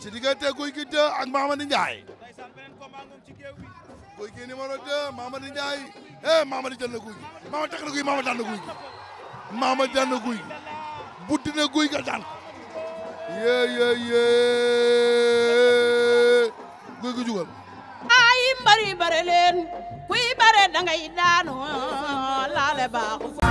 ci diggante Gouye Gui 2 ak Mamady Ndiaye Gouye Gui numéro 2 Mamady Ndiaye eh Mamady jël na Gouye Gui Mamady takk na Gouye Gui Mamady daan na Gouye Gui Mamady daan na Gouye Gui buddi daan yee yee yee Gouye Gui jugal ay mbari bare leen kuy bare da ngay laale baaxu